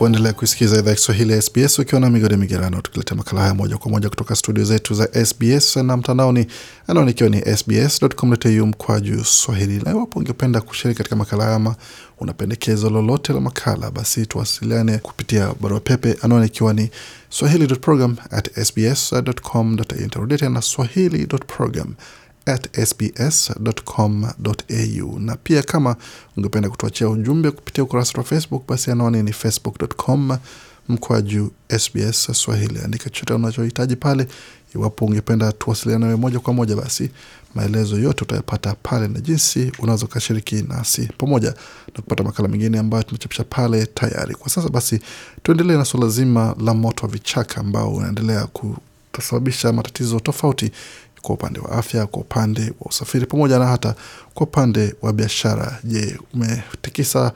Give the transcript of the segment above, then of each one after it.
Waendelea kuisikiza idhaa ya Kiswahili ya SBS ukiwa na migodi migerano, tukiletea makala haya moja kwa moja kutoka studio zetu za SBS na mtandaoni, anwani ikiwa ni sbs.com.au juu swahili. Na iwapo ungependa kushiriki katika makala haya ama una pendekezo lolote la makala, basi tuwasiliane kupitia barua pepe, anwani ikiwa ni swahili.program@sbs.com.au. Tarudia tena swahili.program at sbs.com.au. Na pia kama ungependa kutuachia ujumbe kupitia ukurasa wa Facebook, basi anwani ni facebook.com juu SBS Swahili. Andika chote unachohitaji pale. Iwapo ungependa tuwasiliana nawe moja kwa moja, basi maelezo yote utayapata pale na jinsi unaweza ukashiriki nasi pamoja na kupata makala mengine ambayo tumechapisha pale tayari. Kwa sasa basi, tuendelee na suala zima la moto wa vichaka ambao unaendelea kusababisha matatizo tofauti kwa upande wa afya, kwa upande wa usafiri, pamoja na hata kwa upande wa biashara. Je, umetikisa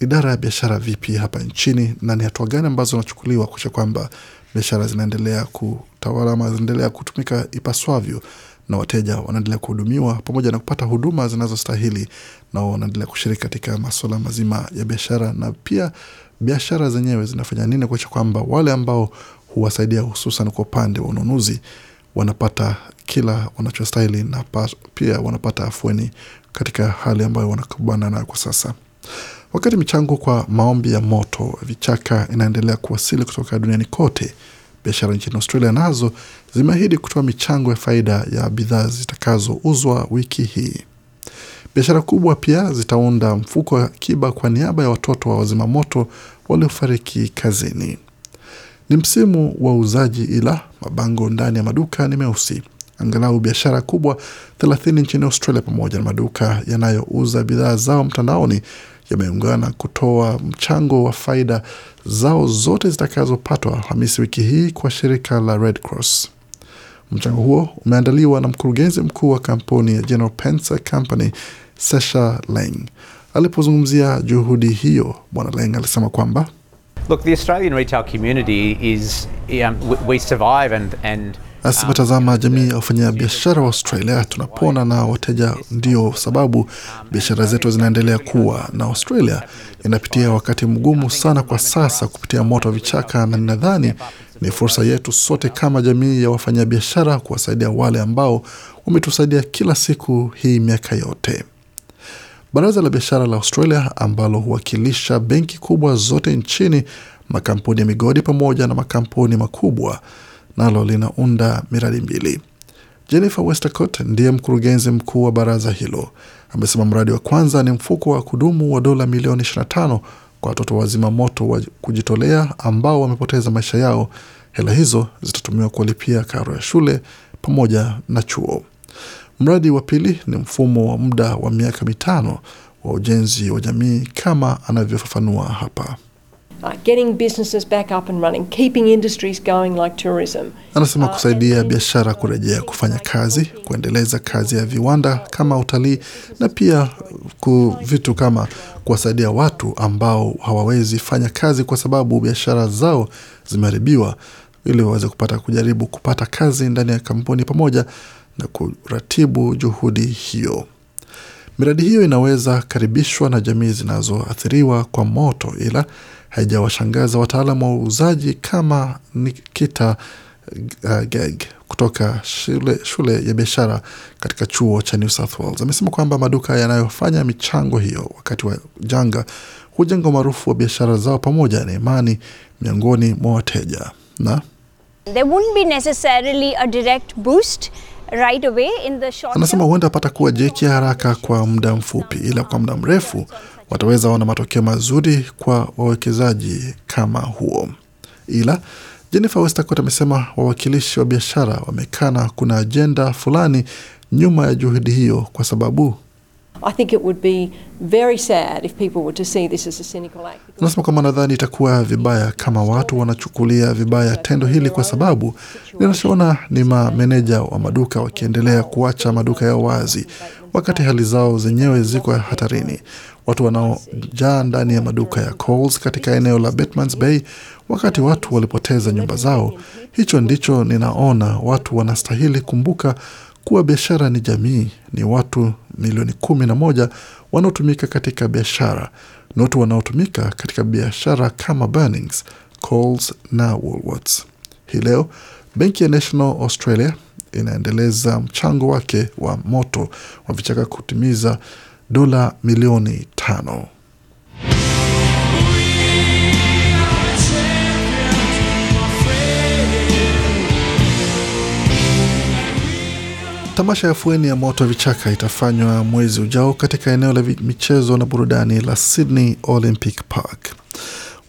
idara ya biashara vipi hapa nchini, na ni hatua gani ambazo zinachukuliwa kuisha kwamba biashara zinaendelea kutawala ama zinaendelea kutumika ipaswavyo na wateja wanaendelea kuhudumiwa pamoja na kupata huduma zinazostahili, na wanaendelea kushiriki katika masuala mazima ya biashara, na pia biashara zenyewe zinafanya nini kuisha kwamba wale ambao huwasaidia hususan kwa upande wa ununuzi wanapata kila wanachostahili na pia wanapata afueni katika hali ambayo wanakubana nayo kwa sasa. Wakati michango kwa maombi ya moto vichaka inaendelea kuwasili kutoka duniani kote, biashara nchini Australia nazo zimeahidi kutoa michango ya faida ya bidhaa zitakazouzwa wiki hii. Biashara kubwa pia zitaunda mfuko wa akiba kwa niaba ya watoto wa wazimamoto waliofariki kazini. Ni msimu wa uuzaji, ila mabango ndani ya maduka ni meusi. Angalau biashara kubwa 30 nchini Australia pamoja na maduka yanayouza bidhaa zao mtandaoni yameungana kutoa mchango wa faida zao zote zitakazopatwa Hamisi wiki hii kwa shirika la Red Cross. Mchango huo umeandaliwa na mkurugenzi mkuu wa kampuni ya General Penser Company Sesha Leng. Alipozungumzia juhudi hiyo, Bwana Leng alisema kwamba Nasi um, um, watazama jamii ya wafanyabiashara wa Australia, tunapona na wateja, ndio sababu biashara zetu zinaendelea kuwa na. Australia inapitia wakati mgumu sana kwa sasa kupitia moto wa vichaka, na ninadhani ni fursa yetu sote kama jamii ya wafanyabiashara kuwasaidia wale ambao wametusaidia kila siku hii miaka yote. Baraza la biashara la Australia ambalo huwakilisha benki kubwa zote nchini, makampuni ya migodi pamoja na makampuni makubwa, nalo linaunda miradi mbili. Jennifer Westacott ndiye mkurugenzi mkuu wa baraza hilo, amesema mradi wa kwanza ni mfuko wa kudumu wa dola milioni 25 kwa watoto wazima moto wa kujitolea ambao wamepoteza maisha yao. Hela hizo zitatumiwa kulipia karo ya shule pamoja na chuo. Mradi wa pili ni mfumo wa muda wa miaka mitano wa ujenzi wa jamii kama anavyofafanua hapa. Uh, Anasema uh, kusaidia biashara kurejea kufanya kazi, kuendeleza kazi ya viwanda kama utalii, na pia vitu kama kuwasaidia watu ambao hawawezi fanya kazi kwa sababu biashara zao zimeharibiwa, ili waweze kupata kujaribu kupata kazi ndani ya kampuni pamoja na kuratibu juhudi hiyo. Miradi hiyo inaweza karibishwa na jamii zinazoathiriwa kwa moto, ila haijawashangaza wataalam wa uuzaji kama Nikita uh, Geg kutoka shule, shule ya biashara katika chuo cha New South Wales amesema kwamba maduka yanayofanya michango hiyo wakati wa janga hujenga umaarufu wa biashara zao pamoja na imani miongoni mwa wateja na There right away in the short. Anasema huenda pata kuwa jeki haraka kwa muda mfupi, ila kwa muda mrefu wataweza ona matokeo mazuri kwa wawekezaji kama huo. Ila Jennifer Westacott amesema wawakilishi wa biashara wamekana kuna ajenda fulani nyuma ya juhudi hiyo kwa sababu Nasema kwamba nadhani itakuwa vibaya kama watu wanachukulia vibaya tendo hili, kwa sababu ninachoona ni mameneja wa maduka wakiendelea kuacha maduka yao wazi wakati hali zao zenyewe ziko hatarini. Watu wanaojaa ndani ya maduka ya Coles katika eneo la Batmans Bay wakati watu walipoteza nyumba zao. Hicho ndicho ninaona watu wanastahili kumbuka kuwa biashara ni jamii, ni watu milioni kumi na moja wanaotumika katika biashara ni watu wanaotumika katika biashara kama Burnings, Coles na Woolworths. Hii leo benki ya National Australia inaendeleza mchango wake wa moto wa vichaka kutimiza dola milioni tano. Tamasha ya Fueni ya Moto ya Vichaka itafanywa mwezi ujao katika eneo la michezo na burudani la Sydney Olympic Park.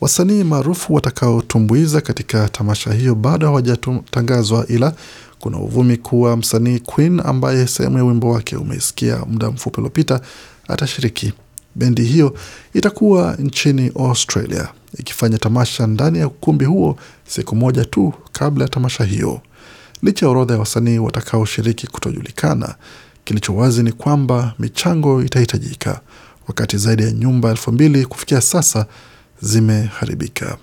Wasanii maarufu watakaotumbuiza katika tamasha hiyo bado hawajatangazwa, ila kuna uvumi kuwa msanii Queen ambaye sehemu ya wimbo wake umeisikia muda mfupi uliopita atashiriki. Bendi hiyo itakuwa nchini Australia ikifanya tamasha ndani ya ukumbi huo siku moja tu kabla ya tamasha hiyo licha ya orodha ya wasanii watakaoshiriki kutojulikana. Kilicho wazi ni kwamba michango itahitajika, wakati zaidi ya nyumba elfu mbili kufikia sasa zimeharibika.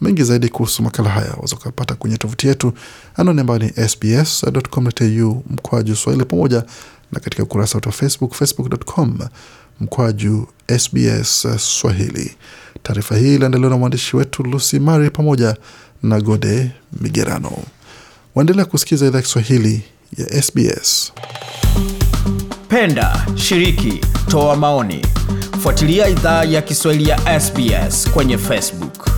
Mengi zaidi kuhusu makala haya waweza kupata kwenye tovuti yetu anaoni ambayo ni sbs.com.au mkwaju swahili, pamoja na katika ukurasa wetu wa Facebook, facebook.com mkwaju sbs swahili. Taarifa hii iliandaliwa na mwandishi wetu Lucy Mary pamoja na Gode Migerano. Waendelea kusikiza idhaa Kiswahili ya SBS. Penda, shiriki, toa maoni, fuatilia idhaa ya Kiswahili ya SBS kwenye Facebook.